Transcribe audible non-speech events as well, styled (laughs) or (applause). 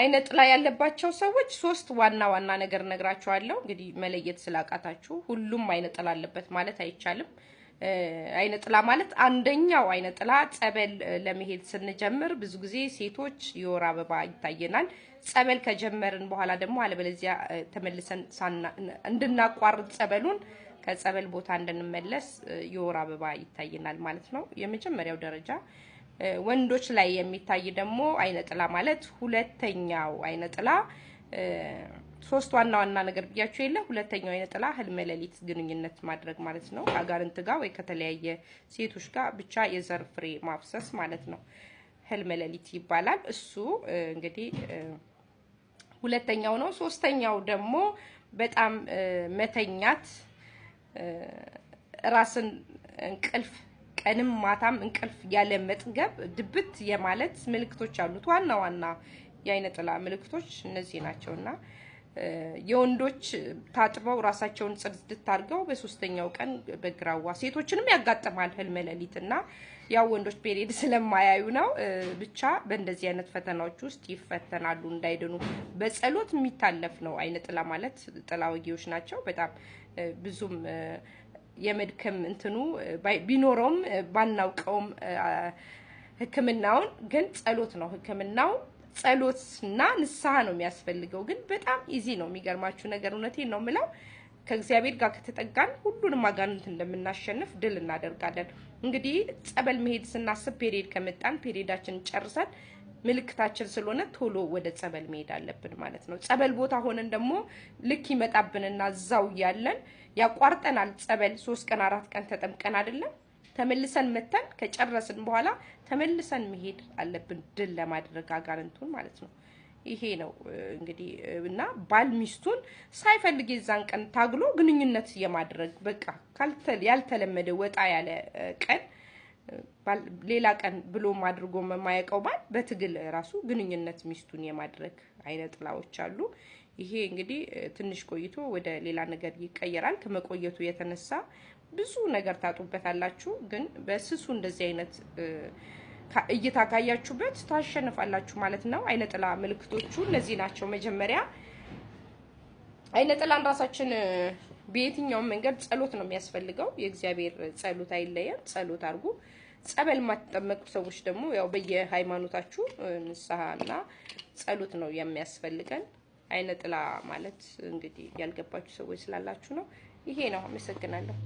አይነ ጥላ ያለባቸው ሰዎች ሶስት ዋና ዋና ነገር ነግራችኋለሁ። እንግዲህ መለየት ስላቃታችሁ ሁሉም አይነ ጥላ አለበት ማለት አይቻልም። አይነ ጥላ ማለት አንደኛው አይነ ጥላ ጸበል ለመሄድ ስንጀምር ብዙ ጊዜ ሴቶች የወር አበባ ይታየናል። ጸበል ከጀመርን በኋላ ደግሞ አለበለዚያ ተመልሰን እንድናቋርጥ ጸበሉን ከጸበል ቦታ እንድንመለስ የወር አበባ ይታየናል ማለት ነው። የመጀመሪያው ደረጃ ወንዶች ላይ የሚታይ ደግሞ አይነ ጥላ ማለት ሁለተኛው አይነ ጥላ ሶስት ዋና ዋና ነገር ብያችሁ የለ ሁለተኛው አይነ ጥላ ህልመ ሌሊት ግንኙነት ማድረግ ማለት ነው። ከአጋርንት ጋር ወይ ከተለያየ ሴቶች ጋር ብቻ የዘር ፍሬ ማፍሰስ ማለት ነው። ህልመ ሌሊት ይባላል። እሱ እንግዲህ ሁለተኛው ነው። ሶስተኛው ደግሞ በጣም መተኛት ራስን እንቅልፍ ቀንም ማታም እንቅልፍ ያለ መጥገብ፣ ድብት የማለት ምልክቶች አሉት። ዋና ዋና የአይነ ጥላ ምልክቶች እነዚህ ናቸውና የወንዶች ታጥበው ራሳቸውን ጽድት አድርገው በሶስተኛው ቀን በግራዋ ሴቶችንም ያጋጥማል ህልመ ሌሊት እና ያው ወንዶች ፔሬድ (laughs) ስለማያዩ ነው። ብቻ በእንደዚህ አይነት ፈተናዎች ውስጥ ይፈተናሉ እንዳይድኑ። በጸሎት የሚታለፍ ነው። አይነ ጥላ ማለት ጥላ ወጊዎች ናቸው። በጣም ብዙም የመድከም እንትኑ ቢኖረውም ባናውቀውም ህክምናውን ግን ጸሎት ነው። ህክምናው ጸሎትና ንስሐ ነው የሚያስፈልገው። ግን በጣም ኢዚ ነው። የሚገርማችሁ ነገር እውነቴን ነው ምለው ከእግዚአብሔር ጋር ከተጠጋን ሁሉንም አጋንንት እንደምናሸንፍ ድል እናደርጋለን። እንግዲህ ጸበል መሄድ ስናስብ ፔሪድ ከመጣን ፔሪዳችን ጨርሰን ምልክታችን ስለሆነ ቶሎ ወደ ጸበል መሄድ አለብን ማለት ነው። ጸበል ቦታ ሆነን ደግሞ ልክ ይመጣብንና እዛው እያለን ያቋርጠናል። ጸበል ሶስት ቀን አራት ቀን ተጠምቀን አይደለም ተመልሰን መተን ከጨረስን በኋላ ተመልሰን መሄድ አለብን፣ ድል ለማድረግ አጋንንቱን ማለት ነው። ይሄ ነው እንግዲህ እና ባል ሚስቱን ሳይፈልግ የዛን ቀን ታግሎ ግንኙነት የማድረግ በቃ ያልተለመደ ወጣ ያለ ቀን ሌላ ቀን ብሎም አድርጎ የማያውቀው ባል በትግል ራሱ ግንኙነት ሚስቱን የማድረግ አይነት ጥላዎች አሉ። ይሄ እንግዲህ ትንሽ ቆይቶ ወደ ሌላ ነገር ይቀየራል። ከመቆየቱ የተነሳ ብዙ ነገር ታጡበታላችሁ። ግን በስሱ እንደዚህ አይነት እይታ ካያችሁበት ታሸንፋላችሁ ማለት ነው። አይነ ጥላ ምልክቶቹ እነዚህ ናቸው። መጀመሪያ አይነ ጥላን ራሳችን በየትኛውም መንገድ ጸሎት ነው የሚያስፈልገው። የእግዚአብሔር ጸሎት አይለየም። ጸሎት አድርጉ። ጸበል የማትጠመቁ ሰዎች ደግሞ ያው በየሃይማኖታችሁ ንስሐና ጸሎት ነው የሚያስፈልገን። አይነ ጥላ ማለት እንግዲህ ያልገባችሁ ሰዎች ስላላችሁ ነው። ይሄ ነው። አመሰግናለሁ።